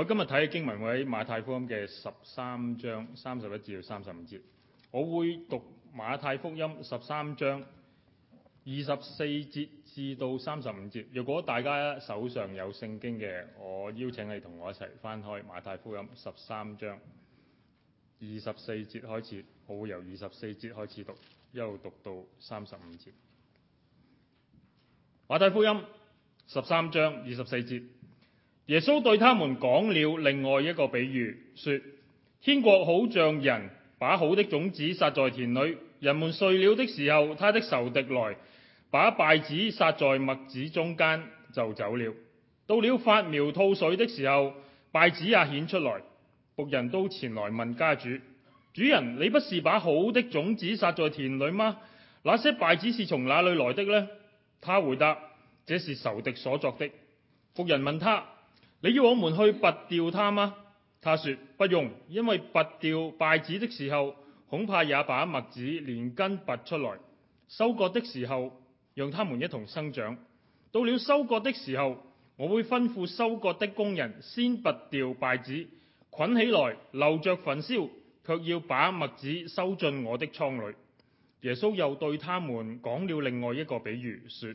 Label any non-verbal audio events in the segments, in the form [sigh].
我今日睇經文喺馬太福音嘅十三章三十一至到三十五節，我會讀馬太福音十三章二十四節至到三十五節。如果大家手上有聖經嘅，我邀請你同我一齊翻開馬太福音十三章二十四節開始，我會由二十四節開始讀，一路讀到三十五節。馬太福音十三章二十四節。耶穌對他們講了另外一個比喻，說：天國好像人把好的種子撒在田裏，人們睡了的時候，他的仇敵來把稗子撒在麥子中間就走了。到了發苗吐水的時候，稗子也顯出來。僕人都前來問家主：主人，你不是把好的種子撒在田裏嗎？那些稗子是從哪裏來的呢？他回答：這是仇敵所作的。僕人問他。你要我們去拔掉它嗎？他說：不用，因為拔掉稗子的時候，恐怕也把麥子連根拔出來。收割的時候，讓他們一同生長。到了收割的時候，我會吩咐收割的工人先拔掉稗子，捆起來留着焚燒，卻要把麥子收進我的倉裡。耶穌又對他們講了另外一個比喻，說：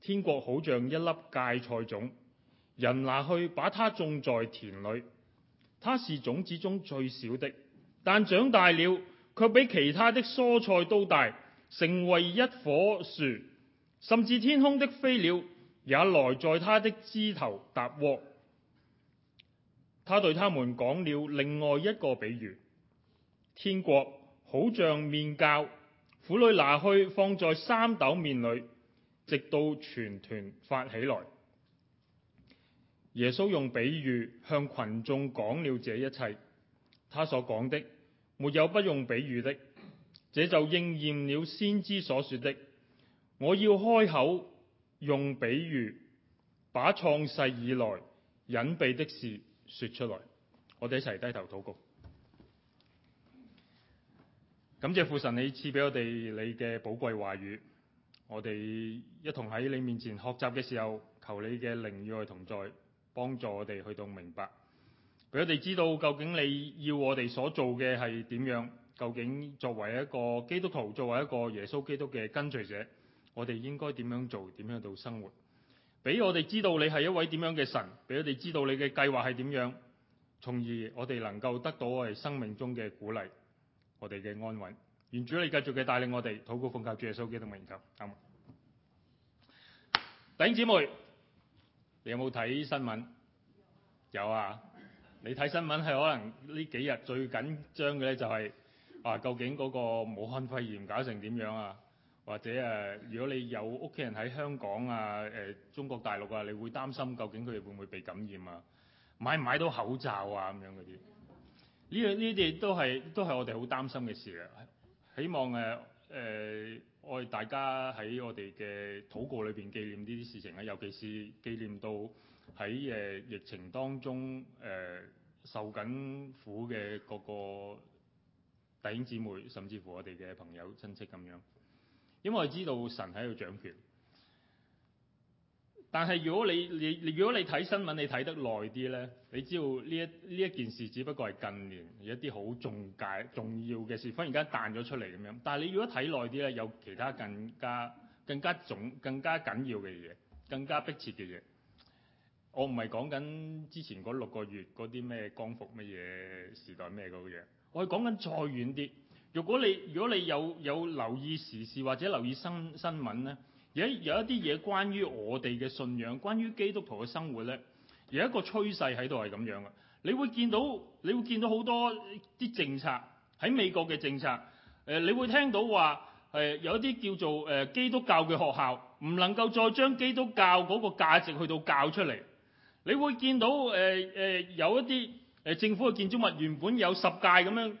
天國好像一粒芥菜種。人拿去把它種在田裏，它是種子中最小的，但長大了卻比其他的蔬菜都大，成為一棵樹，甚至天空的飛鳥也來在它的枝頭搭窩。他對他們講了另外一個比喻：天國好像麵酵，婦女拿去放在三斗麵裏，直到全團發起來。耶穌用比喻向群眾講了這一切，他所講的沒有不用比喻的，這就應驗了先知所說的：我要開口用比喻，把創世以來隱秘的事說出來。我哋一齊低頭禱告。感謝父神，你賜俾我哋你嘅寶貴話語，我哋一同喺你面前學習嘅時候，求你嘅靈與我同在。幫助我哋去到明白，俾我哋知道究竟你要我哋所做嘅係點樣，究竟作為一個基督徒，作為一個耶穌基督嘅跟隨者，我哋應該點樣做，點樣度生活，俾我哋知道你係一位點樣嘅神，俾我哋知道你嘅計劃係點樣，從而我哋能夠得到我哋生命中嘅鼓勵，我哋嘅安穩。願主你繼續嘅帶領我哋，禱告奉靠主耶穌基督嘅名求，阿門。弟兄姐妹。你有冇睇新聞？有啊！你睇新聞係可能呢幾日最緊張嘅咧、就係，就係話究竟嗰個武漢肺炎搞成點樣啊？或者誒、啊，如果你有屋企人喺香港啊、誒中國大陸啊，你會擔心究竟佢哋會唔會被感染啊？買唔買到口罩啊？咁樣嗰啲呢？呢啲都係都係我哋好擔心嘅事啊！希望誒誒。啊啊我哋大家喺我哋嘅禱告裏邊紀念呢啲事情啊，尤其是紀念到喺誒疫情當中誒、呃、受緊苦嘅各個弟兄姊妹，甚至乎我哋嘅朋友親戚咁樣，因為我知道神喺度掌權。但係如果你你，你如果你睇新聞，你睇得耐啲咧，你知道呢一呢一件事，只不過係近年有一啲好重，重要重要嘅事，忽然間彈咗出嚟咁樣。但係你如果睇耐啲咧，有其他更加更加重更加緊要嘅嘢，更加迫切嘅嘢。我唔係講緊之前嗰六個月嗰啲咩光復乜嘢時代咩嗰個嘢，我係講緊再遠啲。如果你如果你有有留意時事或者留意新新聞咧？有有一啲嘢關於我哋嘅信仰，關於基督徒嘅生活咧，有一個趨勢喺度係咁樣嘅。你會見到，你會見到好多啲政策喺美國嘅政策。誒、呃，你會聽到話誒、呃、有一啲叫做誒、呃、基督教嘅學校唔能夠再將基督教嗰個價值去到教出嚟。你會見到誒誒、呃呃、有一啲誒政府嘅建築物原本有十誡咁樣誒、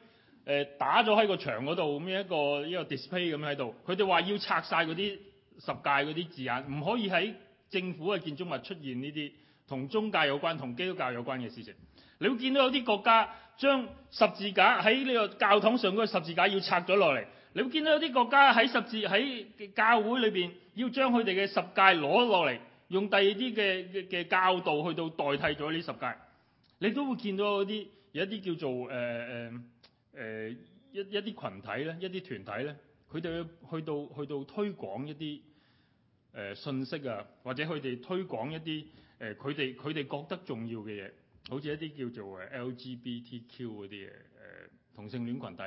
呃、打咗喺個牆嗰度咁樣一個一個 display 咁喺度，佢哋話要拆晒嗰啲。十誡嗰啲字眼唔可以喺政府嘅建築物出現，呢啲同宗教有關、同基督教有關嘅事情。你會見到有啲國家將十字架喺呢個教堂上嗰個十字架要拆咗落嚟。你會見到有啲國家喺十字喺教會裏邊要將佢哋嘅十誡攞落嚟，用第二啲嘅嘅嘅教導去到代替咗呢十誡。你都會見到有啲有一啲叫做誒誒誒一一啲群體咧，一啲團體咧，佢哋去到去到，去到推廣一啲。誒信、呃、息啊，或者佢哋推廣一啲誒，佢哋佢哋覺得重要嘅嘢，好似一啲叫做誒 LGBTQ 嗰啲嘢，誒、呃、同性戀群體，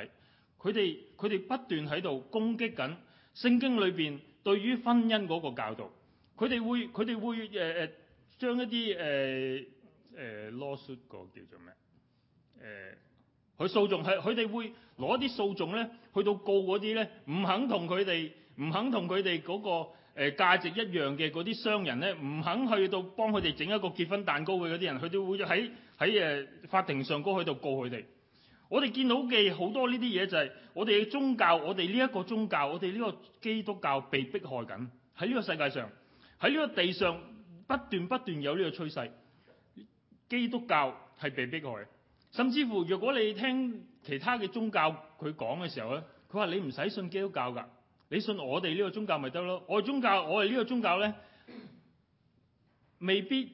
佢哋佢哋不斷喺度攻擊緊聖經裏邊對於婚姻嗰個教導，佢哋會佢哋會誒誒、呃、將一啲誒誒 law suit 個叫做咩誒佢訴訟係佢哋會攞啲訴訟咧去到告嗰啲咧唔肯同佢哋唔肯同佢哋嗰個。誒價值一樣嘅嗰啲商人咧，唔肯去到幫佢哋整一個結婚蛋糕嘅嗰啲人，佢都會喺喺誒法庭上高喺度告佢哋。我哋見到嘅好多呢啲嘢就係我哋嘅宗教，我哋呢一個宗教，我哋呢個基督教被迫害緊。喺呢個世界上，喺呢個地上不斷不斷有呢個趨勢，基督教係被迫害。甚至乎，如果你聽其他嘅宗教佢講嘅時候咧，佢話你唔使信基督教㗎。你信我哋呢個宗教咪得咯？我哋宗教，我哋呢個宗教咧，未必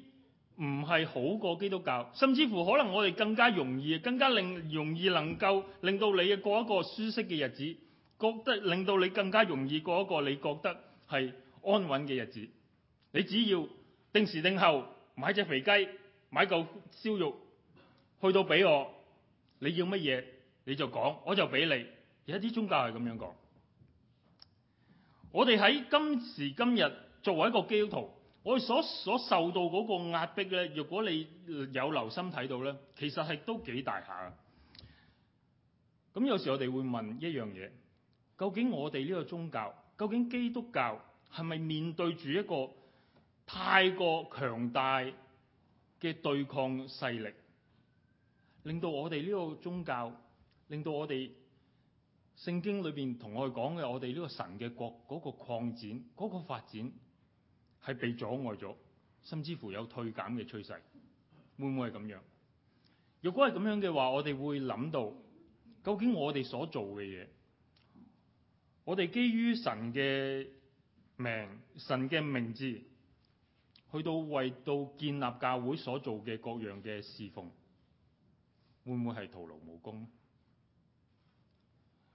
唔係好過基督教，甚至乎可能我哋更加容易，更加令容易能夠令到你過一個舒適嘅日子，覺得令到你更加容易過一個你覺得係安穩嘅日子。你只要定時定候買隻肥雞，買嚿燒肉去到俾我，你要乜嘢你就講，我就俾你。有啲宗教係咁樣講。我哋喺今時今日作為一個基督徒，我哋所所受到嗰個壓迫咧，如果你有留心睇到咧，其實係都幾大下。咁有時我哋會問一樣嘢：究竟我哋呢個宗教，究竟基督教係咪面對住一個太過強大嘅對抗勢力，令到我哋呢個宗教，令到我哋？聖經裏邊同我哋講嘅，我哋呢個神嘅國嗰個擴展，嗰個發展係被阻礙咗，甚至乎有退減嘅趨勢，會唔會係咁樣？如果係咁樣嘅話，我哋會諗到，究竟我哋所做嘅嘢，我哋基於神嘅名、神嘅名字，去到為到建立教會所做嘅各樣嘅侍奉，會唔會係徒勞無功？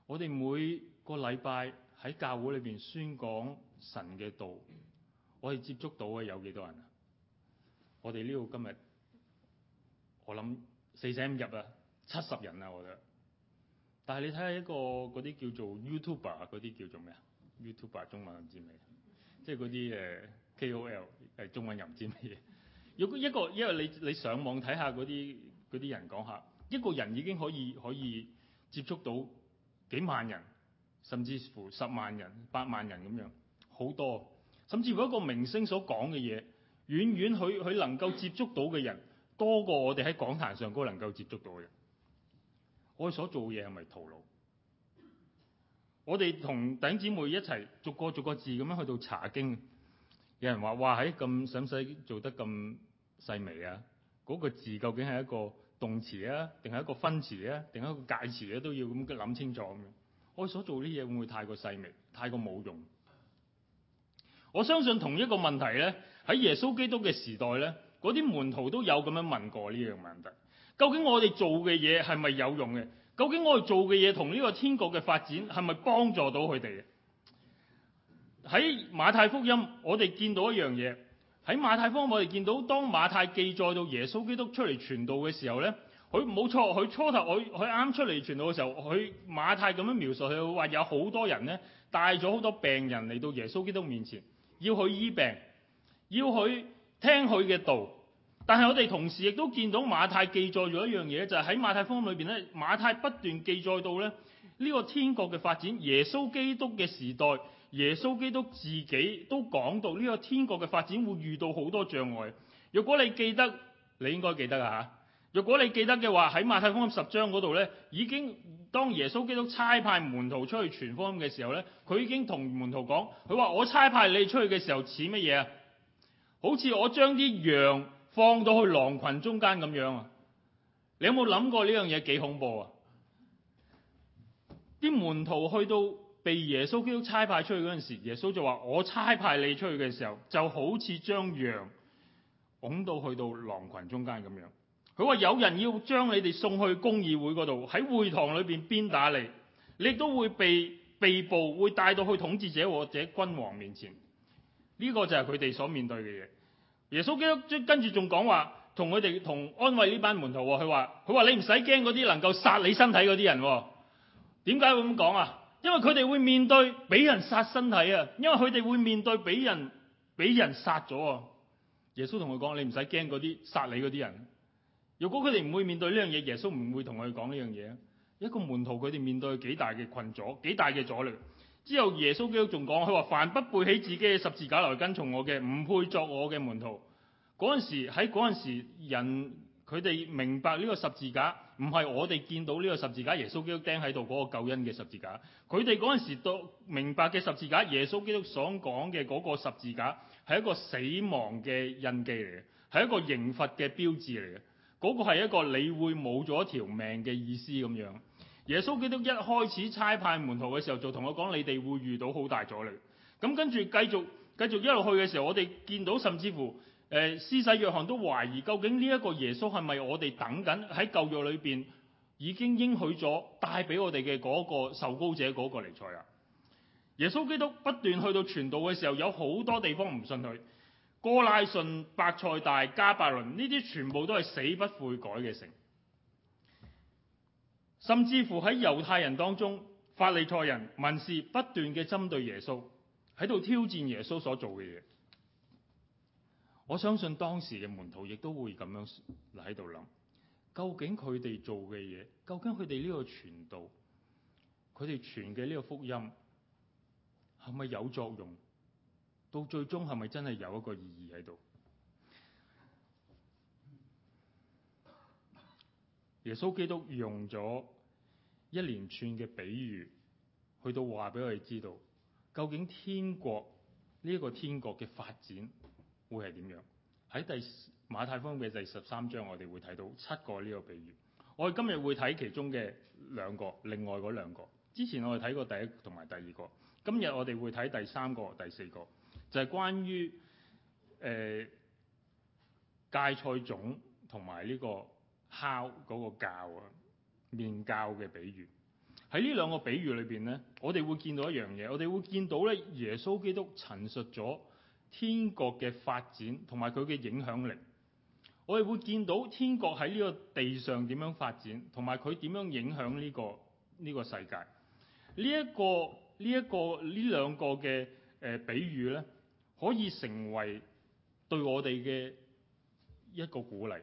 我哋每個禮拜喺教會裏邊宣講神嘅道，我哋接觸到嘅有幾多人啊？我哋呢度今日我諗四捨五入啊，七十人啦。我覺得，但係你睇下一個嗰啲叫做 YouTuber 嗰啲叫做咩啊？YouTuber 中文唔知咩，即係嗰啲誒 K O L 誒中文又唔知咩嘢。如果一個因為你你上網睇下嗰啲嗰啲人講下，一個人已經可以可以接觸到。幾萬人，甚至乎十萬人、百萬人咁樣，好多。甚至如果一個明星所講嘅嘢，遠遠佢佢能夠接觸到嘅人，多過我哋喺講壇上嗰個能夠接觸到嘅人。我哋所做嘅嘢係咪徒勞？我哋同弟兄姊妹一齊逐個逐個字咁樣去到查經。有人話：哇，話喺咁使唔使做得咁細微啊？嗰個字究竟係一個？動詞啊，定係一個分詞啊，定係一個介詞咧、啊，都要咁諗清楚嘅。我所做啲嘢會唔會太過細微，太過冇用？我相信同一個問題咧，喺耶穌基督嘅時代咧，嗰啲門徒都有咁樣問過呢樣問題：究竟我哋做嘅嘢係咪有用嘅？究竟我哋做嘅嘢同呢個天國嘅發展係咪幫助到佢哋？喺馬太福音，我哋見到一樣嘢。喺馬太福音我哋見到當馬太記載到耶穌基督出嚟傳道嘅時候咧，佢冇錯，佢初頭佢佢啱出嚟傳道嘅時候，佢馬太咁樣描述佢，話有好多人咧帶咗好多病人嚟到耶穌基督面前，要去醫病，要去聽佢嘅道。但係我哋同時亦都見到馬太記載咗一樣嘢，就係、是、喺馬太福音裏邊咧，馬太不斷記載到咧呢個天國嘅發展，耶穌基督嘅時代。耶穌基督自己都講到呢個天國嘅發展會遇到好多障礙。如果你記得，你應該記得啊！如果你記得嘅話，喺馬太福音十章嗰度呢，已經當耶穌基督差派門徒出去傳福音嘅時候呢，佢已經同門徒講，佢話我差派你出去嘅時候似乜嘢啊？好似我將啲羊放到去狼群中間咁樣啊！你有冇諗過呢樣嘢幾恐怖啊？啲門徒去到。被耶穌基督差派出去嗰陣時，耶穌就話：我差派你出去嘅時候，就好似將羊拱到去到狼群中間咁樣。佢話：有人要將你哋送去公議會嗰度，喺會堂裏邊鞭打你，你亦都會被被捕，會帶到去統治者或者君王面前。呢個就係佢哋所面對嘅嘢。耶穌基督跟跟住仲講話，同佢哋同安慰呢班門徒。佢話：佢話你唔使驚嗰啲能夠殺你身體嗰啲人。點解會咁講啊？因為佢哋會面對俾人殺身體啊，因為佢哋會面對俾人俾人殺咗啊。耶穌同佢講：你唔使驚嗰啲殺你嗰啲人。如果佢哋唔會面對呢樣嘢，耶穌唔會同佢講呢樣嘢。一個門徒，佢哋面對幾大嘅困阻，幾大嘅阻力。之後耶穌基督仲講：佢話凡不背起自己嘅十字架嚟跟從我嘅，唔配作我嘅門徒。嗰陣時喺嗰陣時人，佢哋明白呢個十字架。唔係我哋見到呢個十字架，耶穌基督釘喺度嗰個救恩嘅十字架。佢哋嗰陣時都明白嘅十字架，耶穌基督所講嘅嗰個十字架係一個死亡嘅印記嚟嘅，係一個刑罰嘅標誌嚟嘅。嗰個係一個你會冇咗條命嘅意思咁樣。耶穌基督一開始差派門徒嘅時候，就同我講：你哋會遇到好大阻力。咁跟住繼續繼續一路去嘅時候，我哋見到甚至乎。誒，施洗約翰都懷疑究竟呢一個耶穌係咪我哋等緊喺舊約裏邊已經應許咗帶俾我哋嘅嗰個受膏者嗰個彌賽亞？耶穌基督不斷去到傳道嘅時候，有好多地方唔信佢，哥拉汛、伯賽大、迦百農呢啲全部都係死不悔改嘅城，甚至乎喺猶太人當中，法利賽人、文士不斷嘅針對耶穌，喺度挑戰耶穌所做嘅嘢。我相信當時嘅門徒亦都會咁樣喺度諗，究竟佢哋做嘅嘢，究竟佢哋呢個傳道，佢哋傳嘅呢個福音係咪有作用？到最終係咪真係有一個意義喺度？耶穌基督用咗一連串嘅比喻，去到話俾我哋知道，究竟天國呢一個天國嘅發展。會係點樣？喺第馬太福音嘅第十三章，我哋會睇到七個呢個比喻。我哋今日會睇其中嘅兩個，另外嗰兩個。之前我哋睇過第一同埋第二個，今日我哋會睇第三個、第四個，就係、是、關於誒、欸、芥菜種同埋呢個酵嗰個酵啊麵酵嘅比喻。喺呢兩個比喻裏邊呢，我哋會見到一樣嘢，我哋會見到咧耶穌基督陳述咗。天國嘅發展同埋佢嘅影響力，我哋會見到天國喺呢個地上點樣發展，同埋佢點樣影響呢個呢個世界。呢一個呢一個呢兩個嘅誒比喻咧，可以成為對我哋嘅一個鼓勵，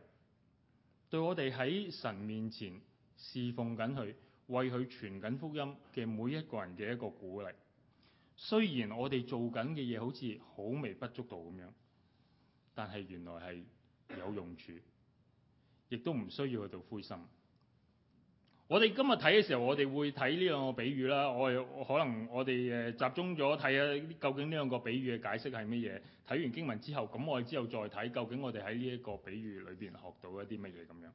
對我哋喺神面前侍奉緊佢、為佢傳緊福音嘅每一個人嘅一個鼓勵。雖然我哋做緊嘅嘢好似好微不足道咁樣，但係原來係有用處，亦都唔需要去到灰心。我哋今日睇嘅時候，我哋會睇呢兩個比喻啦。我哋可能我哋誒集中咗睇下，究竟呢兩個比喻嘅解釋係乜嘢？睇完經文之後，咁我哋之後再睇究竟我哋喺呢一個比喻裏邊學到一啲乜嘢咁樣。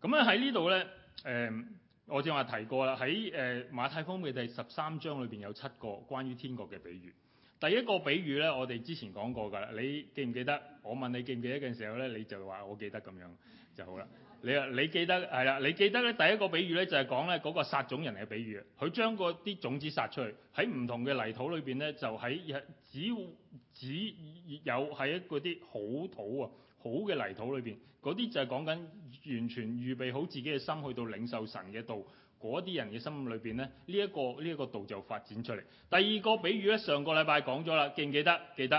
咁咧喺呢度咧，誒、嗯。我正話提過啦，喺誒、呃、馬太福音嘅第十三章裏邊有七個關於天國嘅比喻。第一個比喻咧，我哋之前講過㗎，你記唔記得？我問你記唔記得嘅時候咧，你就話我記得咁樣就好啦。你啊，你記得係啦，你記得咧，第一個比喻咧就係、是、講咧嗰個撒種人嘅比喻。佢將嗰啲種子撒出去，喺唔同嘅泥土裏邊咧，就喺只只有喺嗰啲好土啊、好嘅泥土裏邊，嗰啲就係講緊。完全預備好自己嘅心去到領受神嘅道，嗰啲人嘅心裏邊咧，呢、這、一個呢一、這個道就發展出嚟。第二個比喻咧，上個禮拜講咗啦，記唔記得？記得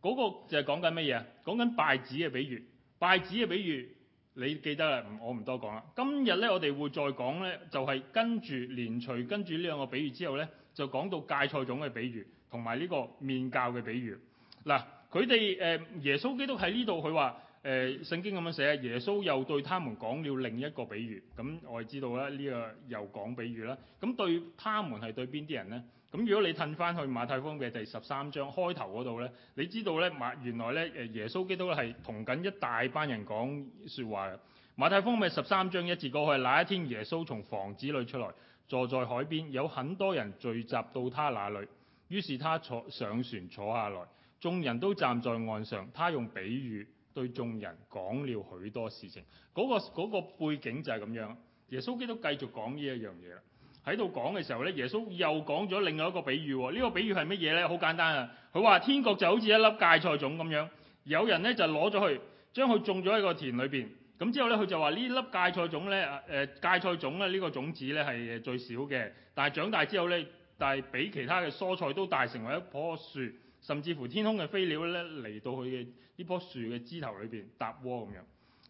嗰、那個就係講緊乜嘢啊？講緊稗子嘅比喻，稗子嘅比喻，你記得啦，我唔多講啦。今日咧，我哋會再講咧，就係、是、跟住連隨跟住呢兩個比喻之後咧，就講到芥菜種嘅比喻，同埋呢個麵酵嘅比喻。嗱，佢哋誒耶穌基督喺呢度佢話。誒聖經咁樣寫，耶穌又對他們講了另一個比喻。咁我哋知道啦，呢個又講比喻啦。咁對他們係對邊啲人呢？咁如果你褪翻去馬太福音嘅第十三章開頭嗰度呢，你知道咧馬原來咧耶穌基督係同緊一大班人講説話嘅。馬太福音咪十三章一節過去，那一天耶穌從房子裏出來，坐在海邊，有很多人聚集到他那裏。於是他坐上船坐下來，眾人都站在岸上，他用比喻，對眾人講了許多事情，嗰個嗰個背景就係咁樣。耶穌基督都繼續講呢一樣嘢啦，喺度講嘅時候咧，耶穌又講咗另外一個比喻。呢個比喻係乜嘢咧？好簡單啊，佢話天國就好似一粒芥菜種咁樣，有人咧就攞咗去，將佢種咗喺個田裏邊。咁之後咧，佢就話呢粒芥菜種咧，誒芥菜種咧呢個種子咧係最少嘅，但係長大之後咧，但係比其他嘅蔬菜都大，成為一棵樹，甚至乎天空嘅飛鳥咧嚟到佢嘅。呢棵樹嘅枝頭裏邊搭窩咁樣，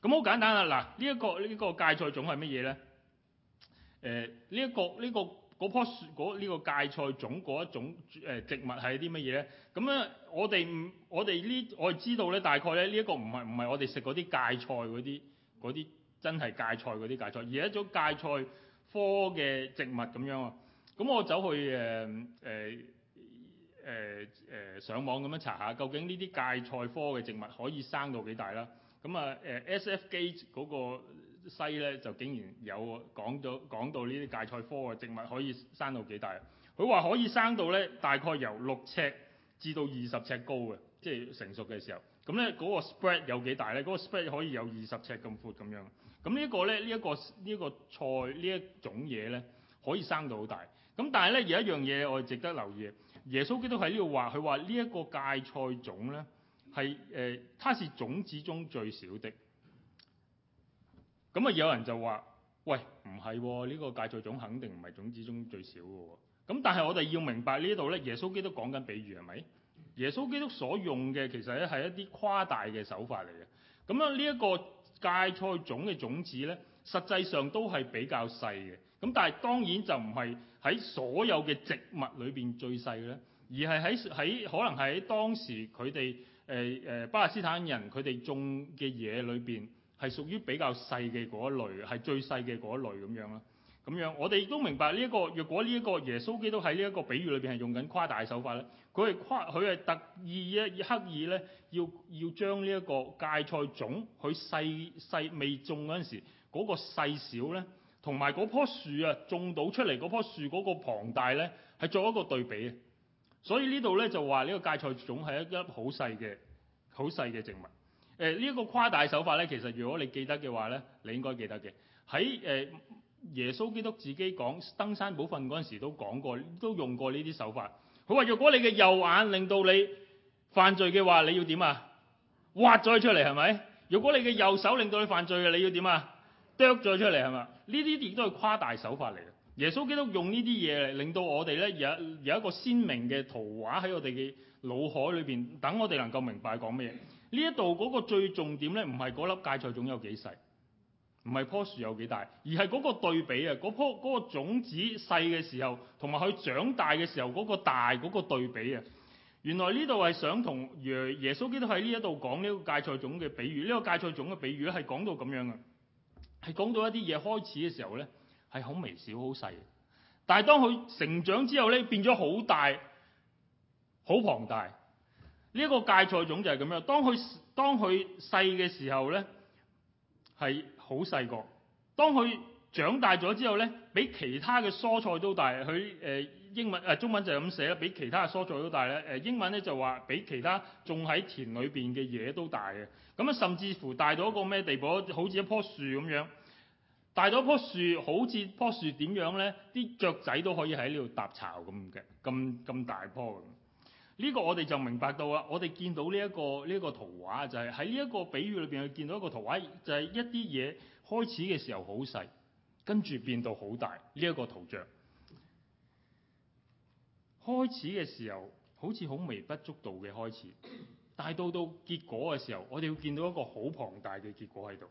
咁好簡單啦、啊！嗱、這個，呢一個呢個芥菜種係乜嘢咧？誒、呃，呢、這、一個呢、這個嗰棵樹呢、這個芥菜種嗰一種誒植物係啲乜嘢咧？咁咧，我哋唔我哋呢我哋知道咧大概咧呢一個唔係唔係我哋食嗰啲芥菜嗰啲啲真係芥菜嗰啲芥菜，而係一種芥菜科嘅植物咁樣啊！咁我走去誒誒。呃呃誒誒、呃呃，上網咁樣查下，究竟呢啲芥菜科嘅植物可以生到幾大啦？咁啊誒，SFGate 嗰個西咧就竟然有講到講到呢啲芥菜科嘅植物可以生到幾大。佢話可以生到咧大概由六尺至到二十尺高嘅，即係成熟嘅時候。咁咧嗰個 spread 有幾大咧？嗰、那個 spread 可以有二十尺咁闊咁樣。咁呢一個咧，呢一個呢一、這個這個菜呢一種嘢咧，可以生到好大。咁但係咧有一樣嘢我哋值得留意嘅耶穌基督喺呢度話，佢話呢一個芥菜種咧，係、呃、誒，它是種子中最小的。咁啊，有人就話，喂，唔係、哦，呢、這個芥菜種肯定唔係種子中最小嘅。咁但係我哋要明白呢度咧，耶穌基督講緊比喻係咪？耶穌基督所用嘅其實咧係一啲誇大嘅手法嚟嘅。咁啊，呢一個芥菜種嘅種子咧，實際上都係比較細嘅。咁但係當然就唔係喺所有嘅植物裏邊最細嘅咧，而係喺喺可能喺當時佢哋誒誒巴勒斯坦人佢哋種嘅嘢裏邊係屬於比較細嘅嗰一類，係最細嘅嗰一類咁樣咯。咁樣我哋都明白呢一個，若果呢一個耶穌基督喺呢一個比喻裏邊係用緊誇大嘅手法咧，佢係誇，佢係特意咧刻意咧，要要將呢一個芥菜種佢細細未種嗰陣時嗰個細小咧。同埋嗰棵樹啊，種到出嚟嗰棵樹嗰個龐大咧，係作一個對比嘅。所以呢度咧就話呢個芥菜種係一粒好細嘅、好細嘅植物。誒、呃，呢、這、一個誇大手法咧，其實如果你記得嘅話咧，你應該記得嘅。喺誒、呃、耶穌基督自己講登山寶訓嗰陣時都講過，都用過呢啲手法。佢話：如果你嘅右眼令到你犯罪嘅話，你要點啊？挖咗佢出嚟係咪？如果你嘅右手令到你犯罪嘅，你要點啊？啄咗出嚟係嘛？呢啲亦都係誇大手法嚟嘅。耶穌基督用呢啲嘢嚟令到我哋咧有有一個鮮明嘅圖畫喺我哋嘅腦海裏邊，等我哋能夠明白講咩嘢。呢一度嗰個最重點咧，唔係嗰粒芥菜種有幾細，唔係棵樹有幾大，而係嗰個對比啊，嗰棵嗰個種子細嘅時候，同埋佢長大嘅時候嗰個大嗰個對比啊。原來呢度係想同耶耶穌基督喺呢一度講呢個芥菜種嘅比喻，呢個芥菜種嘅比喻咧係講到咁樣嘅。係講到一啲嘢開始嘅時候咧，係好微小、好細。但係當佢成長之後咧，變咗好大、好龐大。呢一個芥菜種就係咁樣。當佢當佢細嘅時候咧，係好細個。當佢長大咗之後咧，比其他嘅蔬菜都大。佢誒。呃英文誒、啊、中文就係咁寫啦，比其他嘅蔬菜都大咧。誒，英文咧就話比其他種喺田裏邊嘅嘢都大嘅。咁啊，甚至乎大到一個咩地步？好似一棵樹咁樣，大到一棵樹，好似樖樹點樣咧？啲雀仔都可以喺呢度搭巢咁嘅，咁咁大棵。呢、呢個我哋就明白到啦。我哋見到呢、呢、一個呢一、呢個圖畫，就係喺呢一個比喻裏邊，見到一個圖畫，就係、係、一啲嘢開始嘅時候好細，跟住變到好大呢一、呢個圖像。開始嘅時候好似好微不足道嘅開始，但係到到結果嘅時候，我哋會見到一個好龐大嘅結果喺度。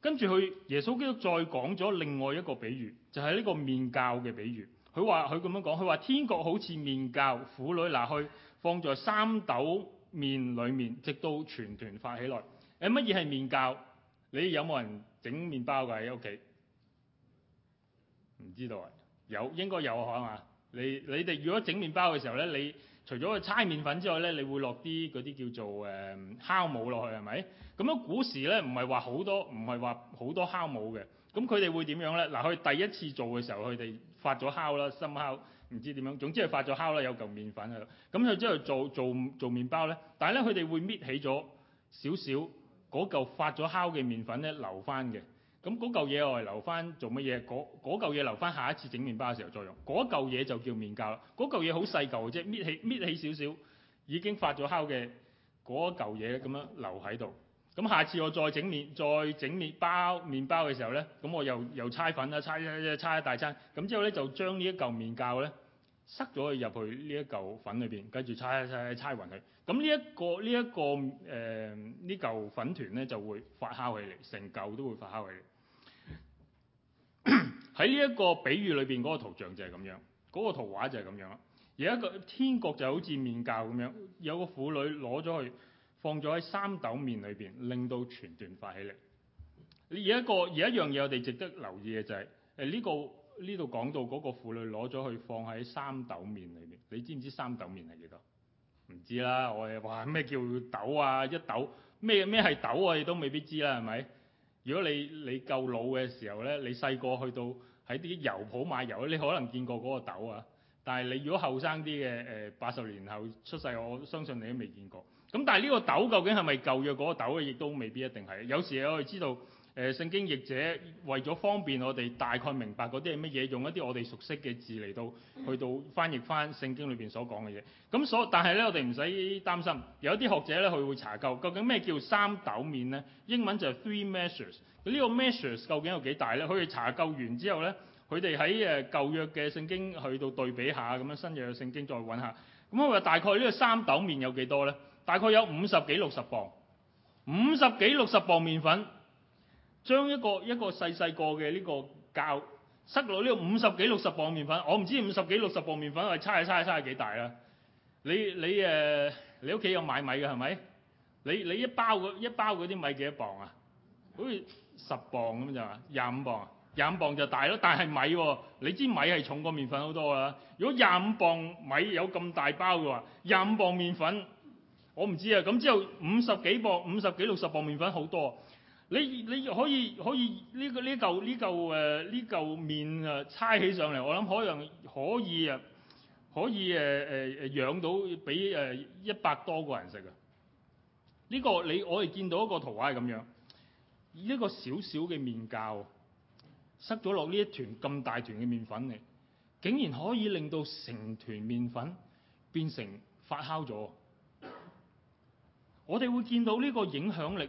跟住佢耶穌基督再講咗另外一個比喻，就係、是、呢個麵酵嘅比喻。佢話佢咁樣講，佢話天國好似麵酵，婦女拿去放在三斗麵裡面，直到全團發起來。誒乜嘢係麵酵？你有冇人整麵包㗎？喺屋企唔知道啊？有應該有啊，嚇嘛？你你哋如果整麵包嘅時候咧，你除咗去搓麵粉之外咧，你會落啲嗰啲叫做誒、嗯、酵母落去係咪？咁樣、那個、古時咧，唔係話好多，唔係話好多酵母嘅。咁佢哋會點樣咧？嗱，佢第一次做嘅時候，佢哋發咗酵啦，新酵，唔知點樣，總之係發咗酵啦，有嚿麵粉喺度。咁佢之後做做做麵包咧，但係咧佢哋會搣起咗少少嗰嚿發咗酵嘅麵粉咧，留翻嘅。咁嗰嚿嘢我係留翻做乜嘢？嗰嚿嘢留翻下一次整麵包嘅時候再用，嗰嚿嘢就叫麵膠啦。嗰嚿嘢好細嚿嘅啫，搣起搣起少少，已經發咗酵嘅嗰嚿嘢咁樣留喺度。咁下次我再整麵再整麵包麵包嘅時候咧，咁我又又搓粉啦，搓搓搓一大餐。咁之後咧就將呢一嚿麵膠咧塞咗入去呢一嚿粉裏邊，跟住搓一搓一搓勻佢。咁呢一個呢一個誒、呃、呢嚿粉團咧就會發酵起嚟，成嚿都會發酵起嚟。喺呢一個比喻裏邊，嗰個圖像就係咁樣，嗰個圖畫就係咁樣啦。而一個天國就好似麵酵咁樣，有個婦女攞咗去放咗喺三斗麵裏邊，令到全段發起嚟。而一個而一樣嘢我哋值得留意嘅就係誒，呢個呢度講到嗰個婦女攞咗去放喺三斗麵裏邊，你知唔知三斗麵係幾多？唔知啦，我哋話咩叫斗啊？一斗咩，咩係斗，我哋都未必知啦，係咪？如果你你夠老嘅時候咧，你細個去到喺啲油鋪買油，你可能見過嗰個斗啊。但係你如果後生啲嘅誒，八、呃、十年後出世，我相信你都未見過。咁但係呢個斗究竟係咪舊約嗰個斗啊？亦都未必一定係。有時我哋知道。誒，聖經譯者為咗方便我哋大概明白嗰啲係乜嘢，用一啲我哋熟悉嘅字嚟到去到翻譯返聖經裏邊所講嘅嘢。咁所但係咧，我哋唔使擔心，有一啲學者咧，佢會查究究竟咩叫三斗麵咧？英文就係 three measures。呢個 measures 究竟有幾大咧？可以查究完之後咧，佢哋喺誒舊約嘅聖經去到對比下咁樣新約嘅聖經再揾下。咁佢話大概呢個三斗麵有幾多咧？大概有五十幾六十磅，五十幾六十磅麵粉。將一個一個細細個嘅呢個酵塞落呢個五十幾六十磅麵粉，我唔知五十幾六十磅麵粉，我係猜下猜下猜下幾大啦。你你誒，你屋企有買米嘅係咪？你你一包嗰一包啲米幾多磅啊？好似十磅咁咋嘛？廿五磅，廿五磅就大咯。但係米喎，你知米係重過麵粉好多㗎。如果廿五磅米有咁大包嘅話，廿五磅麵粉我唔知啊。咁之後五十幾磅、五十幾六十磅麵粉好多。你你可以可以呢個呢嚿呢嚿誒呢嚿麵誒猜起上嚟，我諗可能可以啊，可以誒誒誒養到俾誒一百多個人食啊！呢、呢個你我哋見到一個圖畫係咁樣，一個小小嘅麵酵塞咗落呢一團咁大團嘅麵粉嚟，竟然可以令到成團麵粉變成發酵咗。我哋會見到呢個影響力。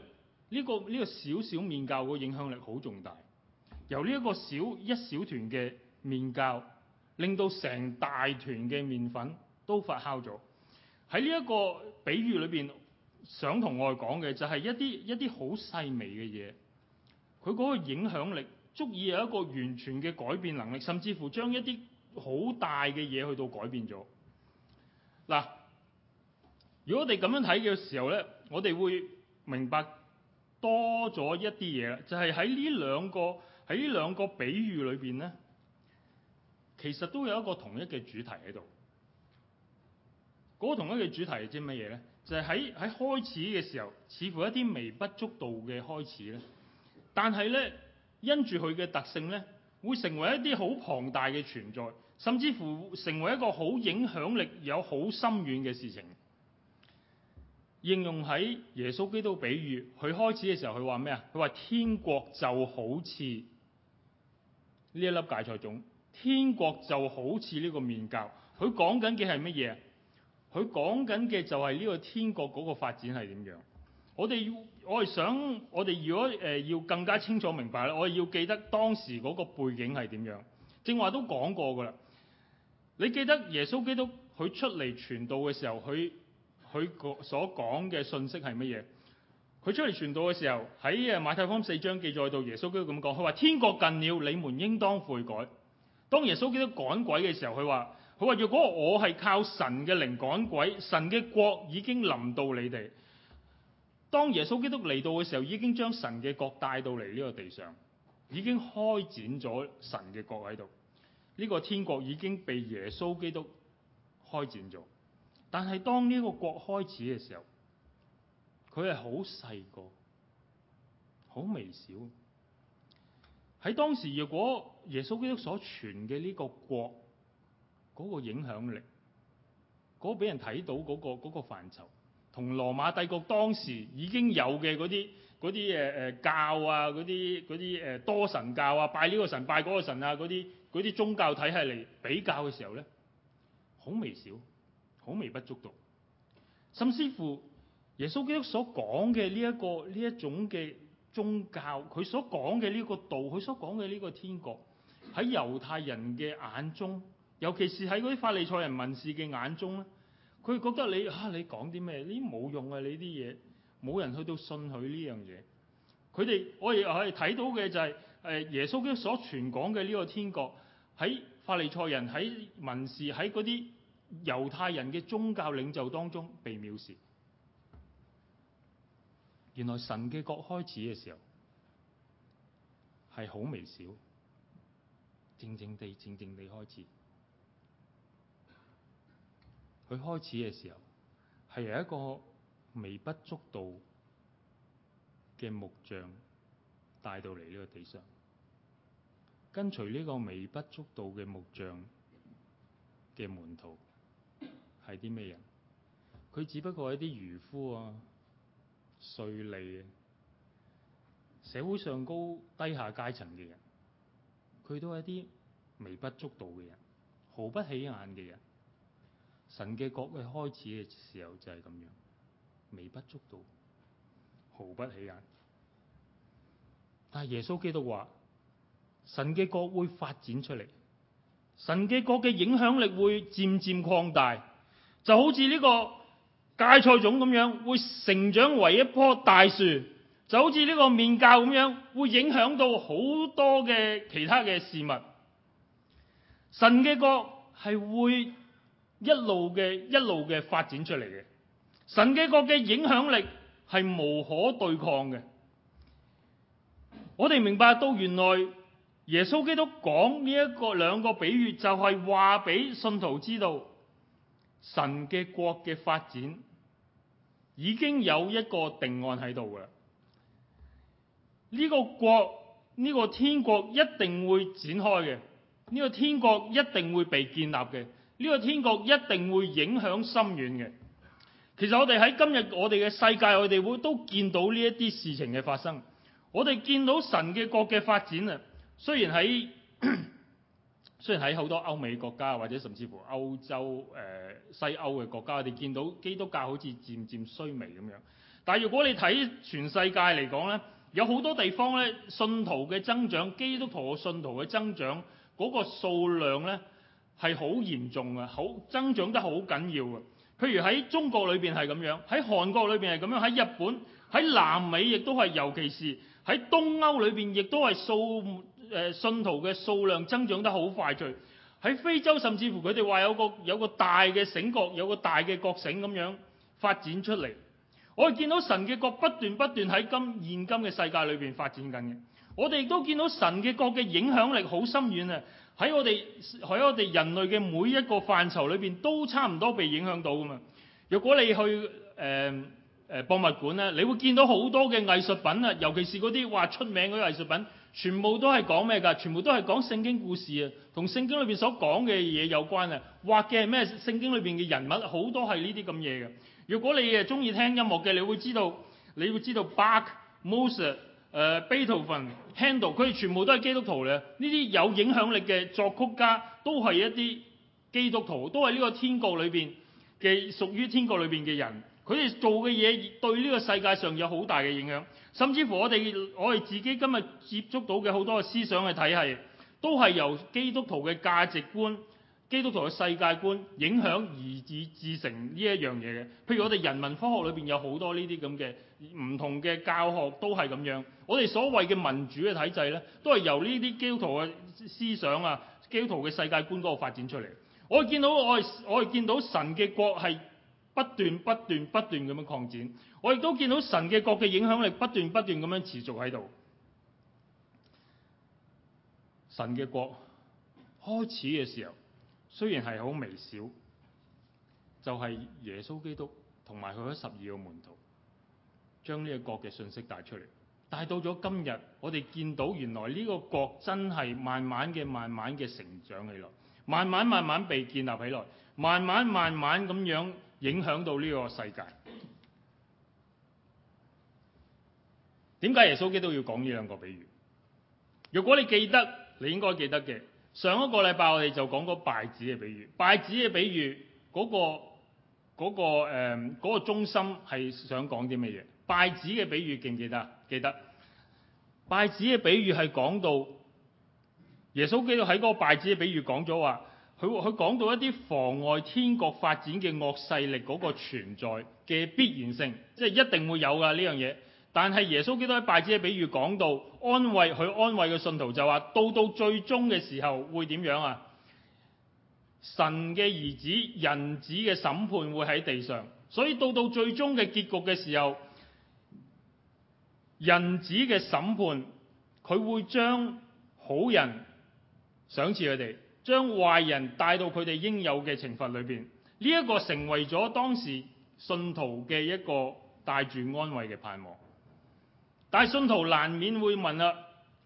呢、這個呢、這個少少麵酵嘅影響力好重大，由呢一個小一小團嘅麵酵，令到成大團嘅麵粉都發酵咗。喺呢一個比喻裏邊，想同我哋講嘅就係一啲一啲好細微嘅嘢，佢嗰個影響力足以有一個完全嘅改變能力，甚至乎將一啲好大嘅嘢去到改變咗。嗱，如果我哋咁樣睇嘅時候咧，我哋會明白。多咗一啲嘢，就係喺呢兩個喺呢兩個比喻裏邊咧，其實都有一個同一嘅主題喺度。個、嗰個同一嘅主題係即係乜嘢咧？就係喺喺開始嘅時候，似乎一啲微不足道嘅開始咧，但係咧因住佢嘅特性咧，會成為一啲好龐大嘅存在，甚至乎成為一個好影響力、有好深遠嘅事情。應用喺耶穌基督比喻，佢開始嘅時候，佢話咩啊？佢話天國就好似呢一粒芥菜種，天國就好似呢個麵酵。佢講緊嘅係乜嘢？佢講緊嘅就係呢個天國嗰個發展係點樣？我哋我哋想，我哋如果誒、呃、要更加清楚明白咧，我哋要記得當時嗰個背景係點樣？正話都講過噶啦，你記得耶穌基督佢出嚟傳道嘅時候佢？佢所講嘅信息係乜嘢？佢出嚟傳道嘅時候，喺《誒馬太福音》四章記載到耶穌基督咁講，佢話：天國近了，你們應當悔改。當耶穌基督趕鬼嘅時候，佢話：佢話若果我係靠神嘅靈趕鬼，神嘅國已經臨到你哋。當耶穌基督嚟到嘅時候，已經將神嘅國帶到嚟呢個地上，已經開展咗神嘅國喺度。呢個天國已經被耶穌基督開展咗。但係當呢個國開始嘅時候，佢係好細個，好微小。喺當時，如果耶穌基督所傳嘅呢個國，嗰個影響力，嗰俾人睇到嗰個嗰個範疇，同羅馬帝國當時已經有嘅嗰啲嗰啲誒誒教啊，嗰啲嗰啲誒多神教啊，拜呢個神拜嗰個神啊，嗰啲嗰啲宗教體系嚟比較嘅時候咧，好微小。好微不足道，甚至乎耶穌基督所講嘅呢一個呢一種嘅宗教，佢所講嘅呢個道，佢所講嘅呢個天國，喺猶太人嘅眼中，尤其是喺嗰啲法利賽人文士嘅眼中咧，佢覺得你嚇、啊、你講啲咩？呢冇用啊！你啲嘢冇人去到信佢呢樣嘢。佢哋我哋可以睇到嘅就係、是、誒耶穌基督所傳講嘅呢個天國，喺法利賽人喺文士喺嗰啲。猶太人嘅宗教領袖當中被藐視，原來神嘅國開始嘅時候係好微小，靜靜地、靜靜地開始。佢開始嘅時候係由一個微不足道嘅木匠帶到嚟呢個地上，跟隨呢個微不足道嘅木匠嘅門徒係啲咩人？佢只不過係一啲漁夫啊、稅吏啊、社會上高低下階層嘅人，佢都係一啲微不足道嘅人，毫不起眼嘅人。神嘅國嘅開始嘅時候就係咁樣，微不足道、毫不起眼。但係耶穌基督話：神嘅國會發展出嚟，神嘅國嘅影響力會漸漸擴大。就好似呢個芥菜種咁樣，會成長為一棵大樹；就好似呢個麵酵咁樣，會影響到好多嘅其他嘅事物。神嘅國係會一路嘅一路嘅發展出嚟嘅。神嘅國嘅影響力係無可對抗嘅。我哋明白到原來耶穌基督講呢一個兩個比喻，就係話俾信徒知道。神嘅國嘅發展已經有一個定案喺度噶啦，呢個國，呢個天國一定會展開嘅，呢個天國一定會被建立嘅，呢個天國一定會影響深遠嘅。其實我哋喺今日我哋嘅世界，我哋會都見到呢一啲事情嘅發生。我哋見到神嘅國嘅發展啊，雖然喺。 [coughs] 雖然喺好多歐美國家或者甚至乎歐洲誒、呃、西歐嘅國家，你見到基督教好似漸漸衰微咁樣。但係如果你睇全世界嚟講，呢有好多地方呢，信徒嘅增長、基督徒嘅信徒嘅增長嗰、嗰個數量呢，係好嚴重嘅，好增長得好緊要嘅。譬如喺中國裏邊係咁樣，喺韓國裏邊係咁樣，喺日本、喺南美亦都係，尤其是喺東歐裏邊亦都係數。誒，信徒嘅數量增長得好快。聚喺非洲，甚至乎佢哋話有個有個大嘅醒覺，有個大嘅覺醒咁樣發展出嚟。我哋見到神嘅國不斷不斷喺今現今嘅世界裏邊發展緊嘅。我哋亦都見到神嘅國嘅影響力好深遠啊！喺我哋喺我哋人類嘅每一個範疇裏邊都差唔多被影響到噶嘛。如果你去誒誒、呃、博物館咧，你會見到好多嘅藝術品啊，尤其是嗰啲話出名嘅啲藝術品，全部都係講咩噶？全部都係講聖經故事啊，同聖經裏邊所講嘅嘢有關啊。畫嘅係咩？聖經裏邊嘅人物好多係呢啲咁嘢嘅。如果你誒中意聽音樂嘅，你會知道，你會知道 Bach Musa 巴克、莫舍、誒貝多芬、亨德爾，佢哋全部都係基督徒咧。呢啲有影響力嘅作曲家都係一啲基督徒，都係呢個天國裏邊嘅，屬於天國裏邊嘅人。佢哋做嘅嘢對呢個世界上有好大嘅影響，甚至乎我哋我哋自己今日接觸到嘅好多嘅思想嘅體系，都係由基督徒嘅價值觀、基督徒嘅世界觀影響而至。至成呢一樣嘢嘅。譬如我哋人文科學裏邊有好多呢啲咁嘅唔同嘅教學都係咁樣。我哋所謂嘅民主嘅體制咧，都係由呢啲基督徒嘅思想啊、基督徒嘅世界觀嗰度發展出嚟。我哋見到我哋我哋見到神嘅國係不斷不斷不斷咁樣擴展，我亦都見到神嘅國嘅影響力不斷不斷咁樣持續喺度。神嘅國開始嘅時候雖然係好微小，就係耶穌基督同埋佢嗰十二個門徒將呢個國嘅信息帶出嚟。但係到咗今日，我哋見到原來呢個國真係慢慢嘅、慢慢嘅成長起來，慢慢慢慢被建立起來，慢慢慢慢咁樣，影響到呢個世界。點解耶穌基督要講呢兩個比喻？如果你記得，你應該記得嘅。上一個禮拜我哋就講個拜子嘅比喻，拜子嘅比喻嗰、嗰個嗰、嗰個嗰、誒嗰個中心係想講啲乜嘢？拜子嘅比喻記唔記得？記得。拜子嘅比喻係講到耶穌基督喺嗰個拜子嘅比喻講咗話。佢佢講到一啲妨礙天國發展嘅惡勢力嗰個存在嘅必然性，即係一定會有噶呢樣嘢。但係耶穌基督喺稗子嘅比喻講到安慰佢安慰嘅信徒就話：到到最終嘅時候會點樣啊？神嘅兒子人子嘅審判會喺地上，所以到到最終嘅結局嘅時候，人子嘅審判佢會將好人賞賜佢哋。將壞人帶到佢哋應有嘅懲罰裏邊，呢一個成為咗當時信徒嘅一個帶住安慰嘅盼望。但係信徒難免會問啊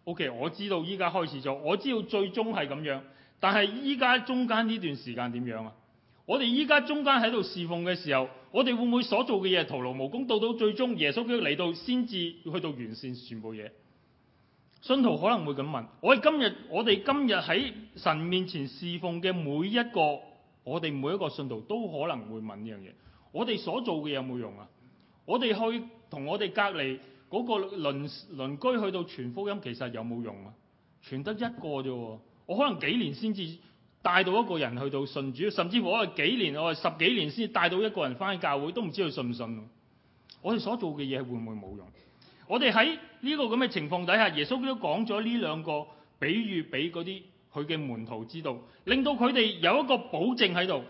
，OK，我知道依家開始咗，我知道最終係咁樣，但係依家中間呢段時間點樣啊？我哋依家中間喺度侍奉嘅時候，我哋會唔會所做嘅嘢，徒勞無功？到到最終耶穌基督嚟到先至去到完善全部嘢？信徒可能會咁問：我哋今日，我哋今日喺神面前侍奉嘅每一個，我哋每一個信徒都可能會問呢樣嘢：我哋所做嘅有冇用啊？我哋去同我哋隔離嗰個鄰鄰居去到傳福音，其實有冇用啊？傳得一個啫，我可能幾年先至帶到一個人去到信主，甚至乎我係幾年，我係十幾年先帶到一個人翻去教會，都唔知佢信唔信。我哋所做嘅嘢會唔會冇用？我哋喺呢個咁嘅情況底下，耶穌都講咗呢兩個比喻俾嗰啲佢嘅門徒知道，令到佢哋有一個保證喺度，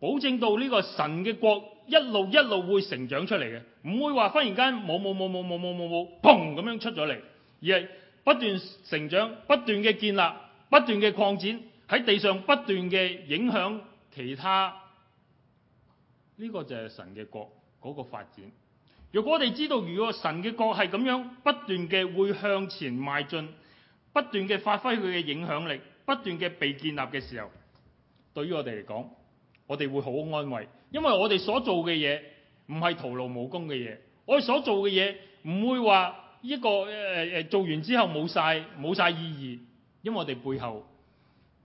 保證到呢個神嘅國一路一路會成長出嚟嘅，唔會話忽然間冇冇冇冇冇冇冇冇，砰咁樣出咗嚟，而係不斷成長、不斷嘅建立、不斷嘅擴展喺地上不斷嘅影響其他，呢個就係神嘅國嗰個發展。如果我哋知道，如果神嘅國係咁樣不斷嘅會向前邁進，不斷嘅發揮佢嘅影響力，不斷嘅被建立嘅時候，對於我哋嚟講，我哋會好安慰，因為我哋所做嘅嘢唔係徒勞無功嘅嘢，我哋所做嘅嘢唔會話依、這個誒誒、呃、做完之後冇晒、冇晒意義，因為我哋背後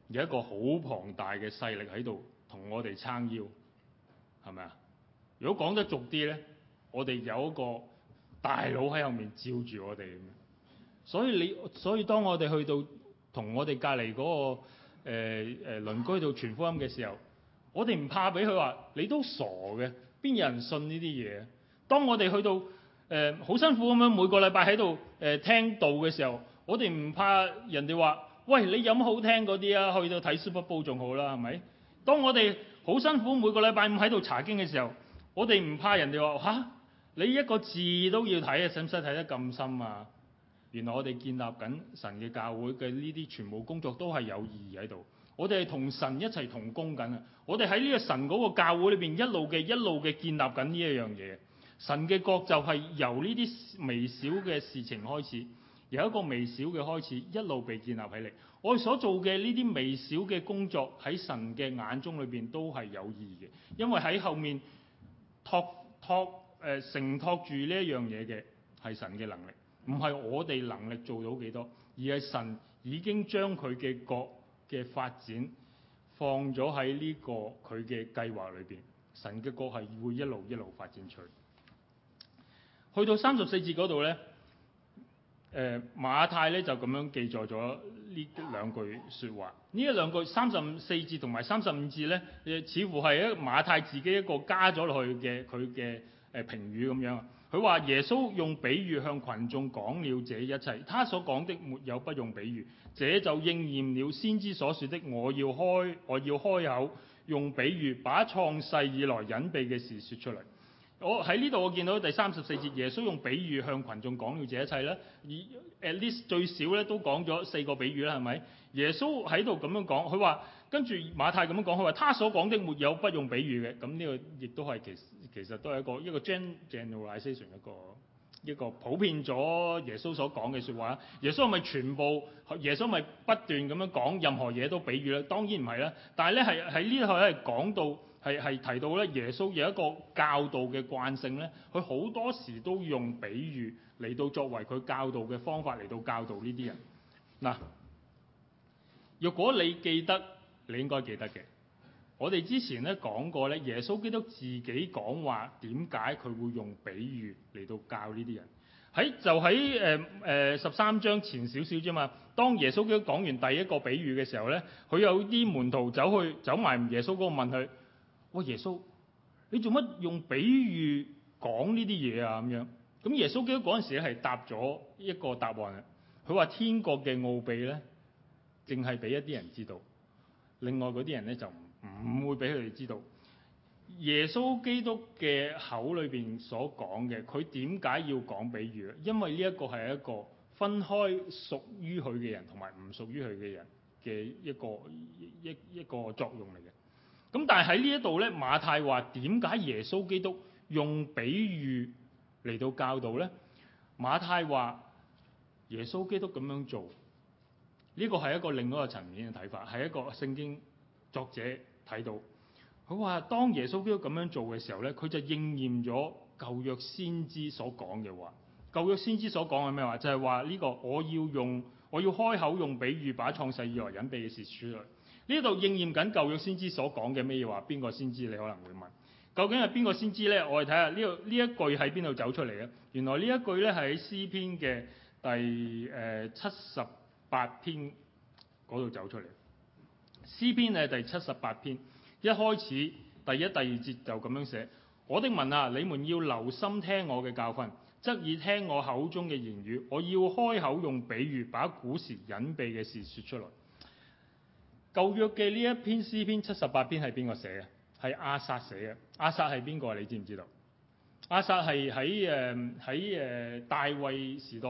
有一個好龐大嘅勢力喺度同我哋撐腰，係咪啊？如果講得俗啲咧？我哋有一個大佬喺後面照住我哋。所以你所以當我哋去到同我哋隔離嗰個誒誒鄰居度傳福音嘅時候，我哋唔怕俾佢話你都傻嘅，邊有人信呢啲嘢？當我哋去到誒好、呃、辛苦咁樣每個禮拜喺度誒聽道嘅時候，我哋唔怕人哋話，喂，你有好聽嗰啲啊？去到睇 Super Bowl 仲好啦，係咪？當我哋好辛苦每個禮拜五喺度查經嘅時候，我哋唔怕人哋話吓！啊」你一個字都要睇啊，使唔使睇得咁深啊？原來我哋建立緊神嘅教會嘅呢啲全部工作都係有意義喺度。我哋係同神一齊同工緊啊！我哋喺呢個神嗰個教會裏邊一路嘅一路嘅建立緊呢一樣嘢。神嘅國就係由呢啲微小嘅事情開始，由一個微小嘅開始，一路被建立起嚟。我哋所做嘅呢啲微小嘅工作喺神嘅眼中裏邊都係有意義嘅，因為喺後面托托。托誒、呃、承托住呢一樣嘢嘅係神嘅能力，唔係我哋能力做到幾多，而係神已經將佢嘅國嘅發展放咗喺呢個佢嘅計劃裏邊。神嘅國係會一路一路發展出去。去到三十四節嗰度咧，誒、呃、馬太咧就咁樣記載咗呢兩句説話。兩呢一兩句三十四節同埋三十五節咧，似乎係一馬太自己一個加咗落去嘅佢嘅。誒評語咁樣啊，佢話耶穌用比喻向群眾講了這一切，他所講的沒有不用比喻，這就應驗了先知所説的，我要開，我要開口用比喻，把創世以來隱秘嘅事説出嚟。我喺呢度我見到第三十四節，耶穌用比喻向群眾講了這一切咧，而 at least 最少咧都講咗四個比喻啦，係咪？耶穌喺度咁樣講，佢話跟住馬太咁樣講，佢話他所講的沒有不用比喻嘅，咁、這、呢個亦都係其實。其實都係一個一個 generalization 一個一個普遍咗耶穌所講嘅説話。耶穌係咪全部？耶穌咪不斷咁樣講任何嘢都比喻咧？當然唔係啦。但係咧係喺呢度咧講到係係提到咧，耶穌有一個教導嘅慣性咧，佢好多時都用比喻嚟到作為佢教導嘅方法嚟到教導呢啲人。嗱，如果你記得，你應該記得嘅。我哋之前咧講過咧，耶穌基督自己講話，點解佢會用比喻嚟到教呢啲人，喺就喺誒誒十三章前少少啫嘛。當耶穌基督講完第一個比喻嘅時候咧，佢有啲門徒走去走埋耶穌嗰度問佢，喂，耶穌，你做乜用比喻講呢啲嘢啊？咁樣，咁耶穌基督嗰陣時咧係答咗一個答案啦。佢話天國嘅奧秘咧，淨係俾一啲人知道，另外嗰啲人咧就。唔會俾佢哋知道，耶穌基督嘅口裏邊所講嘅，佢點解要講比喻？因為呢一個係一個分開屬於佢嘅人同埋唔屬於佢嘅人嘅一個一一,一,一個作用嚟嘅。咁但係喺呢一度咧，馬太話點解耶穌基督用比喻嚟到教導咧？馬太話耶穌基督咁樣做，呢、這個係一個另外一個層面嘅睇法，係一個聖經作者。睇到，佢話：當耶穌基督咁樣做嘅時候呢，佢就應驗咗舊約先知所講嘅話。舊約先知所講嘅咩話？就係話呢個我要用，我要開口用比喻，把創世以來隱秘嘅事處理。呢度應驗緊舊約先知所講嘅咩嘢話？邊個先知？你可能會問，究竟係邊個先知呢？我哋睇下呢度呢一句喺邊度走出嚟咧？原來呢一句呢係喺詩篇嘅第誒七十八篇嗰度走出嚟。詩篇係第七十八篇，一開始第一、第二節就咁樣寫：我的民啊，你們要留心聽我嘅教訓，側耳聽我口中嘅言語。我要開口用比喻，把古時隱秘嘅事說出來。舊約嘅呢一篇詩篇七十八篇係邊個寫嘅？係亞薩寫嘅。亞薩係邊個啊？你知唔知道？亞薩係喺誒喺誒大衛時代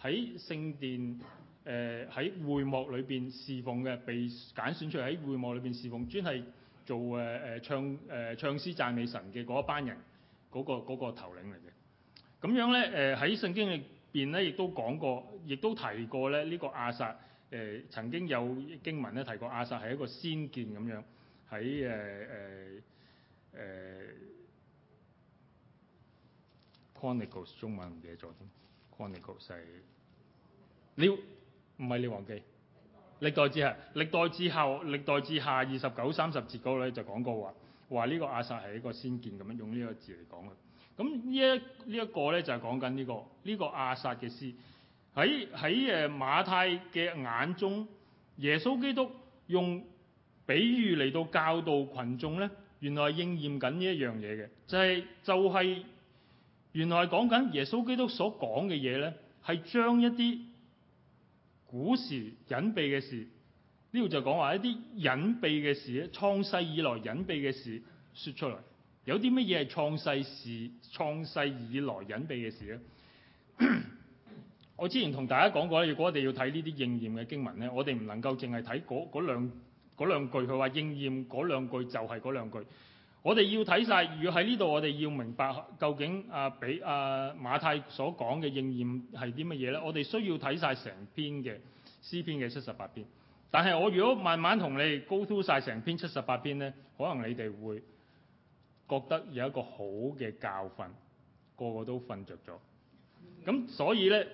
喺聖殿，誒喺、呃、會幕裏邊侍奉嘅，被揀選出嚟喺會幕裏邊侍奉，專係做誒誒、呃、唱誒、呃、唱詩讚美神嘅嗰一班人，嗰、那個嗰、那個頭領嚟嘅。咁樣咧，誒、呃、喺聖經裏邊咧，亦都講過，亦都提過咧，呢、這個亞薩誒曾經有經文咧提過，亞薩係一個先見咁樣喺誒誒誒。呃呃呃、Chronicles 中文唔記得咗添 Chronicles 係你。唔係你忘記，歷代志啊，歷代志下，歷代志下二十九三十節嗰個咧就講過話，話呢個亞薩係一個先見咁樣用呢個字嚟講嘅。咁呢一呢一個咧就係、是、講緊、這、呢個呢、這個亞薩嘅詩，喺喺誒馬太嘅眼中，耶穌基督用比喻嚟到教導群眾咧，原來係應驗緊呢一樣嘢嘅，就係、是、就係、是、原來係講緊耶穌基督所講嘅嘢咧，係將一啲。古時隱秘嘅事，呢度就講話一啲隱秘嘅事，創世以來隱秘嘅事，説出來。有啲乜嘢係創世時、創世以來隱秘嘅事咧？ [coughs] 我之前同大家講過咧，如果我哋要睇呢啲應驗嘅經文咧，我哋唔能夠淨係睇嗰嗰兩嗰兩句，佢話應驗嗰兩句就係嗰兩句。我哋要睇晒，如果喺呢度，我哋要明白究竟啊，俾啊馬太所講嘅應驗係啲乜嘢咧？我哋需要睇晒成篇嘅詩篇嘅七十八篇。但係我如果慢慢同你 go through 晒成篇七十八篇咧，可能你哋會覺得有一個好嘅教訓，個個都瞓着咗。咁所以咧，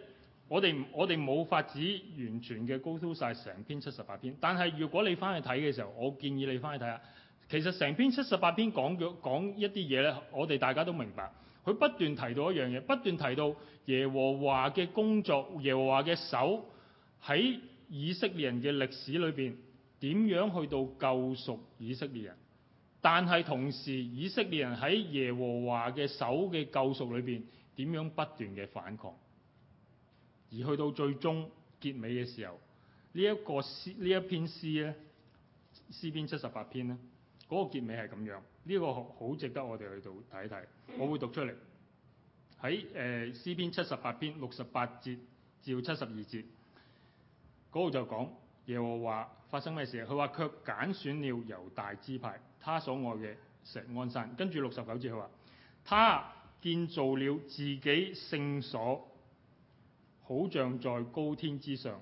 我哋我哋冇法子完全嘅 go through 晒成篇七十八篇。但係如果你翻去睇嘅時候，我建議你翻去睇下。其實成篇七十八篇講咗講一啲嘢咧，我哋大家都明白。佢不斷提到一樣嘢，不斷提到耶和華嘅工作、耶和華嘅手喺以色列人嘅歷史裏邊點樣去到救贖以色列人，但係同時以色列人喺耶和華嘅手嘅救贖裏邊點樣不斷嘅反抗，而去到最終結尾嘅時候，呢一個詩呢一篇詩咧，詩篇七十八篇咧。嗰個結尾係咁樣，呢個好值得我哋去到睇一睇。我會讀出嚟，喺誒詩篇七十八篇六十八節至七十二節嗰度就講耶和華發生咩事？佢話，卻揀選了猶大支派，他所愛嘅錫安山。跟住六十九節佢話，他建造了自己聖所，好像在高天之上，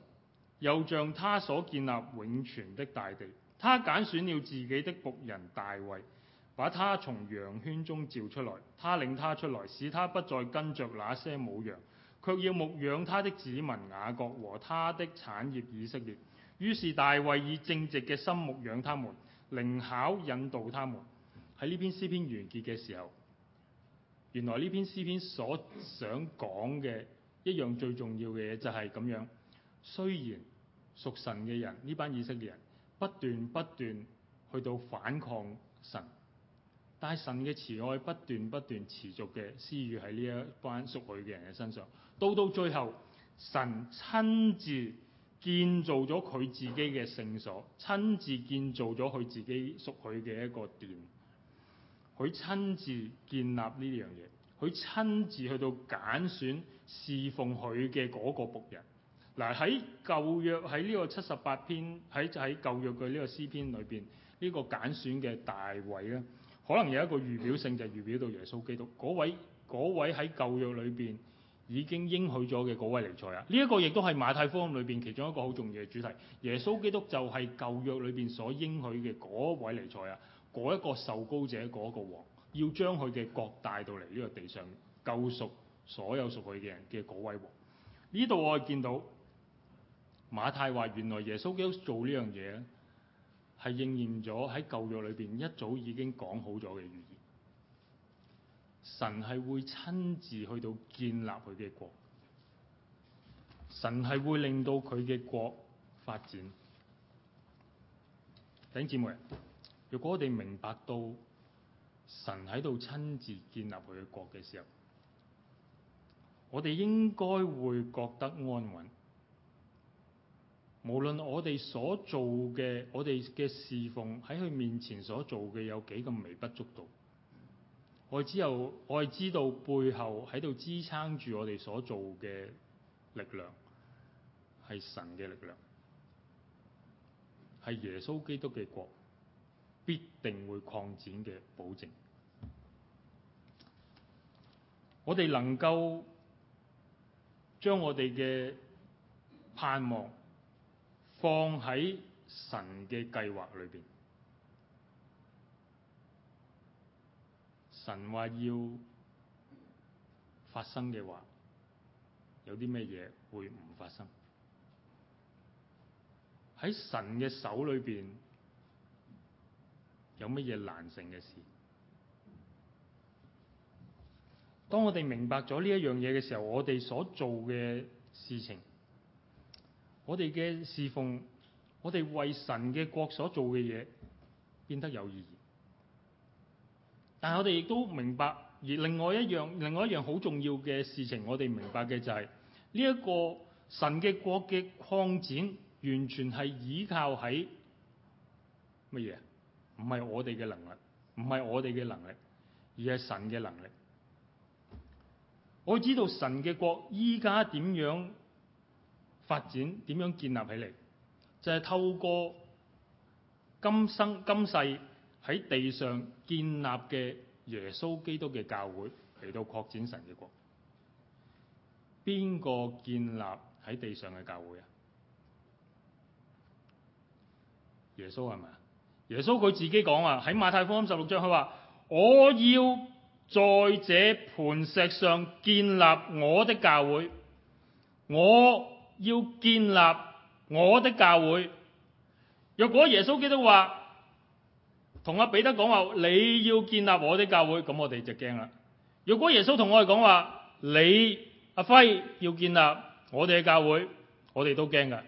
又像他所建立永存的大地。他揀選了自己的僕人大衛，把他從羊圈中召出來，他領他出來，使他不再跟着那些母羊，卻要牧養他的子民雅各和他的產業以色列。於是大衛以正直嘅心牧養他們，靈巧引導他們。喺呢篇詩篇完結嘅時候，原來呢篇詩篇所想講嘅一樣最重要嘅嘢就係咁樣。雖然屬神嘅人呢班以色列人，不斷不斷去到反抗神，但係神嘅慈愛不斷不斷持續嘅施予喺呢一班屬佢嘅人嘅身上。到到最後神親自建造咗佢自己嘅聖所，親自建造咗佢自己屬佢嘅一個殿，佢親自建立呢樣嘢，佢親自去到揀選侍奉佢嘅嗰個僕人。嗱，喺舊約喺呢個七十八篇喺喺舊約嘅呢個詩篇裏邊呢個揀選嘅大位咧，可能有一個預表性，就係、是、預表到耶穌基督嗰位嗰位喺舊約裏邊已經應許咗嘅嗰位彌賽亞！呢、這、一個亦都係馬太福音裏邊其中一個好重要嘅主題。耶穌基督就係舊約裏邊所應許嘅嗰位彌賽亞！嗰一個受膏者，嗰個王，要將佢嘅國帶到嚟呢個地上，救贖所有屬佢嘅人嘅嗰位王。呢度我見到。馬太話：原來耶穌基督做呢樣嘢，係應驗咗喺舊約裏邊一早已經講好咗嘅預言。神係會親自去到建立佢嘅國，神係會令到佢嘅國發展。弟兄姊妹，如果我哋明白到神喺度親自建立佢嘅國嘅時候，我哋應該會覺得安穩。無論我哋所做嘅，我哋嘅侍奉喺佢面前所做嘅有幾咁微不足道，我哋只有我哋知道背後喺度支撐住我哋所做嘅力量係神嘅力量，係耶穌基督嘅國必定會擴展嘅保證。我哋能夠將我哋嘅盼望。放喺神嘅計劃裏邊，神話要發生嘅話，有啲咩嘢會唔發生？喺神嘅手裏邊，有乜嘢難成嘅事？當我哋明白咗呢一樣嘢嘅時候，我哋所做嘅事情。我哋嘅侍奉，我哋為神嘅國所做嘅嘢變得有意義。但係我哋亦都明白，而另外一樣，另外一樣好重要嘅事情，我哋明白嘅就係呢一個神嘅國嘅擴展，完全係依靠喺乜嘢？唔係我哋嘅能力，唔係我哋嘅能力，而係神嘅能力。我知道神嘅國依家點樣。發展點樣建立起嚟？就係、是、透過今生今世喺地上建立嘅耶穌基督嘅教會嚟到擴展神嘅國。邊個建立喺地上嘅教會啊？耶穌係咪啊？耶穌佢自己講啊，喺馬太福音十六章，佢話，我要在這磐石上建立我的教會，我。要建立我的教會。若果耶穌基督話同阿彼得講話，你要建立我的教會，咁我哋就驚啦。若果耶穌同我哋講話，你阿輝要建立我哋嘅教會，我哋都驚噶。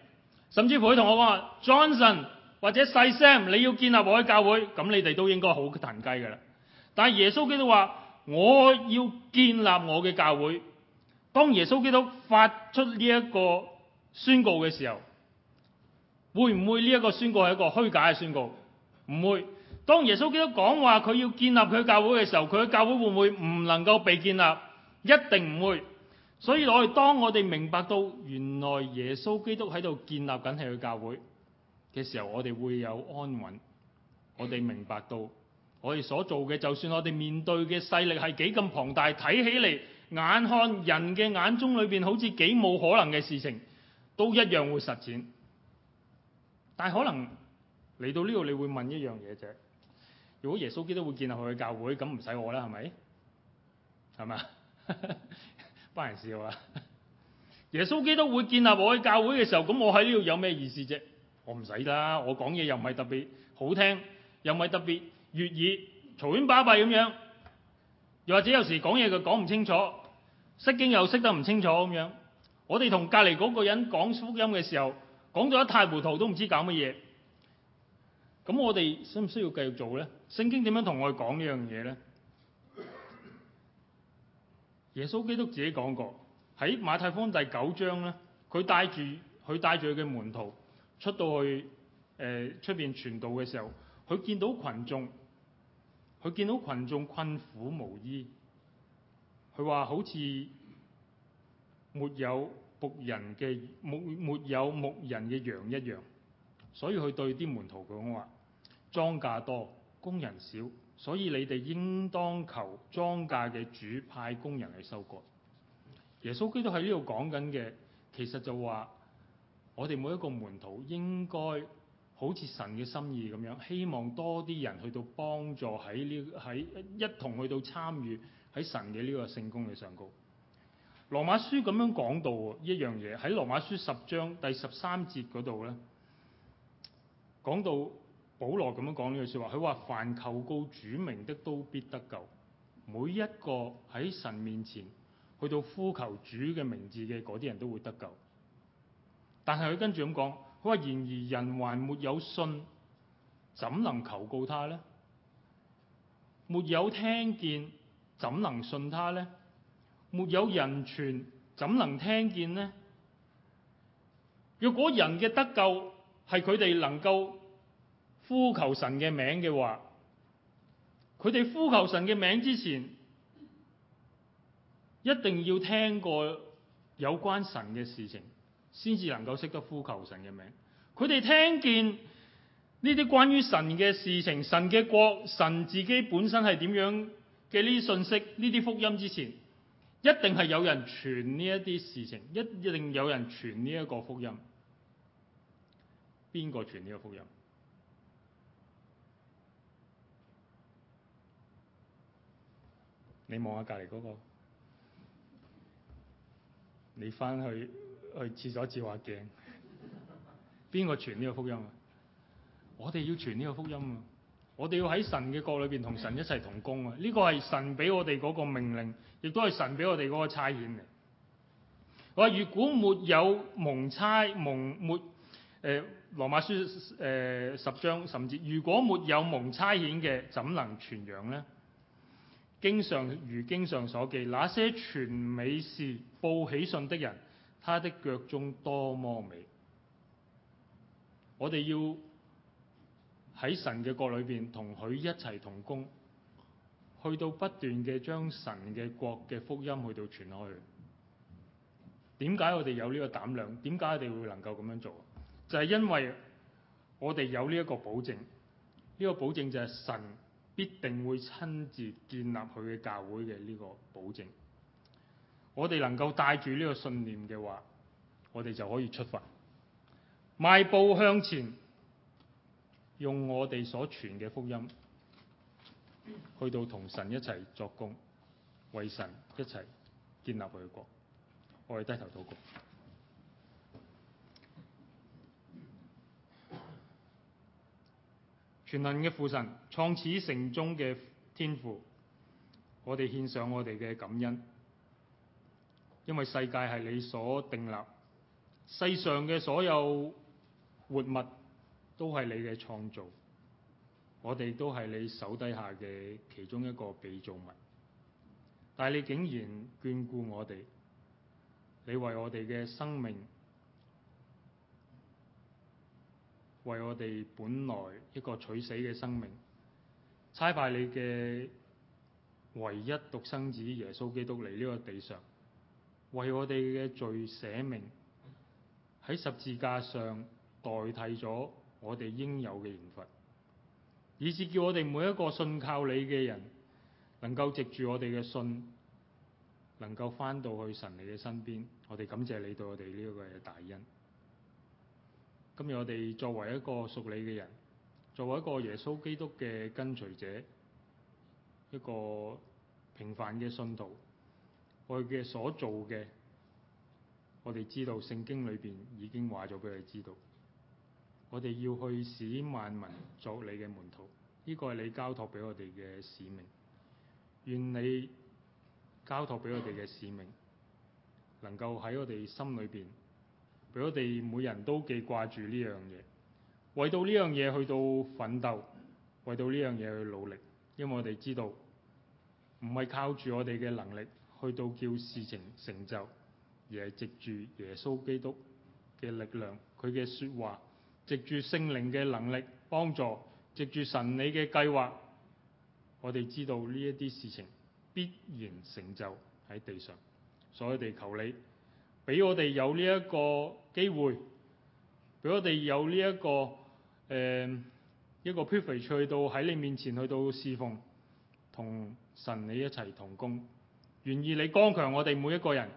甚至乎佢同我講話，Johnson 或者細 Sam 你要建立我嘅教會，咁你哋都應該好騰雞噶啦。但係耶穌基督話我要建立我嘅教會。當耶穌基督發出呢一個。宣告嘅時候，會唔會呢一個宣告係一個虛假嘅宣告？唔會。當耶穌基督講話，佢要建立佢教會嘅時候，佢嘅教會會唔會唔能夠被建立？一定唔會。所以我，我哋當我哋明白到原來耶穌基督喺度建立緊係佢教會嘅時候，我哋會有安穩。我哋明白到我哋所做嘅，就算我哋面對嘅勢力係幾咁龐大，睇起嚟眼看人嘅眼中裏邊好似幾冇可能嘅事情，都一樣會實踐，但係可能嚟到呢度，你會問一樣嘢啫。如果耶穌基督會建立佢嘅教會，咁唔使我啦，係咪？係咪啊？班人笑啊！耶穌基督會建立佢教會嘅時候，咁我喺呢度有咩意思啫？我唔使啦，我講嘢又唔係特別好聽，又唔係特別悅耳，嘈喧巴閉咁樣，又或者有時講嘢佢講唔清楚，識經又識得唔清楚咁樣。我哋同隔籬嗰個人講福音嘅時候，講咗一太糊塗都唔知搞乜嘢。咁我哋需唔需要繼續做咧？聖經點樣同我哋講呢樣嘢咧？耶穌基督自己講過，喺馬太福音第九章咧，佢帶住佢帶住佢嘅門徒出到去，誒，出邊傳道嘅時候，佢見到群眾，佢見到群眾困苦無依，佢話好似沒有。僕人嘅木沒有牧人嘅羊一樣，所以佢對啲門徒佢講話：莊稼多，工人少，所以你哋應當求莊稼嘅主派工人去收割。耶穌基督喺呢度講緊嘅，其實就話我哋每一個門徒應該好似神嘅心意咁樣，希望多啲人去到幫助喺呢喺一同去到參與喺神嘅呢個聖工嘅上高。羅馬書咁樣講到一樣嘢喺羅馬書十章第十三節嗰度咧，講到保羅咁樣講呢句説話，佢話凡求告主名的都必得救，每一個喺神面前去到呼求主嘅名字嘅嗰啲人都會得救。但係佢跟住咁講，佢話然而人還沒有信，怎能求告他咧？沒有聽見，怎能信他咧？沒有人傳，怎能聽見呢？若果人嘅得救係佢哋能夠呼求神嘅名嘅話，佢哋呼求神嘅名之前，一定要聽過有關神嘅事情，先至能夠識得呼求神嘅名。佢哋聽見呢啲關於神嘅事情、神嘅國、神自己本身係點樣嘅呢啲信息、呢啲福音之前。一定係有人傳呢一啲事情，一定有人傳呢一個福音。邊個傳呢個福音？你望下隔籬嗰個。你翻去去廁所照下鏡。邊個傳呢個福音啊？我哋要傳呢個福音啊！我哋要喺神嘅國裏邊同神一齊同工啊！呢個係神俾我哋嗰個命令。亦都係神俾我哋嗰個差遣嚟。我話如果沒有蒙差蒙沒誒、呃、羅馬書誒、呃、十章，甚至如果沒有蒙差遣嘅，怎能傳揚呢？經上如經上所記，那些傳美事、報喜信的人，他的腳中多麼美。我哋要喺神嘅國裏邊同佢一齊同工。去到不斷嘅將神嘅國嘅福音去到傳開去，點解我哋有呢個膽量？點解我哋會能夠咁樣做？就係因為我哋有呢一個保證，呢個保證就係神必定會親自建立佢嘅教會嘅呢個保證。我哋能夠帶住呢個信念嘅話，我哋就可以出發，邁步向前，用我哋所傳嘅福音。去到同神一齊作工，為神一齊建立佢嘅國，我哋低頭禱告。全能嘅父神，創始成終嘅天父，我哋獻上我哋嘅感恩，因為世界係你所定立，世上嘅所有活物都係你嘅創造。我哋都係你手底下嘅其中一個被造物，但係你竟然眷顧我哋，你為我哋嘅生命，為我哋本來一個取死嘅生命，差派你嘅唯一獨生子耶穌基督嚟呢個地上，為我哋嘅罪捨命，喺十字架上代替咗我哋應有嘅刑罰。以至叫我哋每一個信靠你嘅人，能夠藉住我哋嘅信，能夠翻到去神你嘅身邊。我哋感謝你對我哋呢一個嘅大恩。今日我哋作為一個屬你嘅人，作為一個耶穌基督嘅跟隨者，一個平凡嘅信徒，我哋嘅所做嘅，我哋知道聖經裏邊已經話咗俾你知道。我哋要去使萬民作你嘅門徒，呢個係你交託畀我哋嘅使命。願你交託畀我哋嘅使命，能夠喺我哋心裏邊，俾我哋每人都記掛住呢樣嘢，為到呢樣嘢去到奮鬥，為到呢樣嘢去努力，因為我哋知道，唔係靠住我哋嘅能力去到叫事情成就，而係藉住耶穌基督嘅力量，佢嘅說話。藉住聖靈嘅能力幫助，藉住神你嘅計劃，我哋知道呢一啲事情必然成就喺地上，所以我哋求你俾我哋有呢一個機會，俾我哋有呢、這、一個誒、呃、一個 p e r f 撇肥去到喺你面前去到侍奉，同神你一齊同工，願意你剛強我哋每一個人，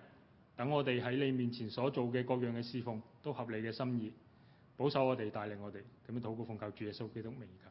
等我哋喺你面前所做嘅各樣嘅侍奉都合你嘅心意。保守我哋，帶領我哋，咁樣禱告奉靠主耶穌基督名而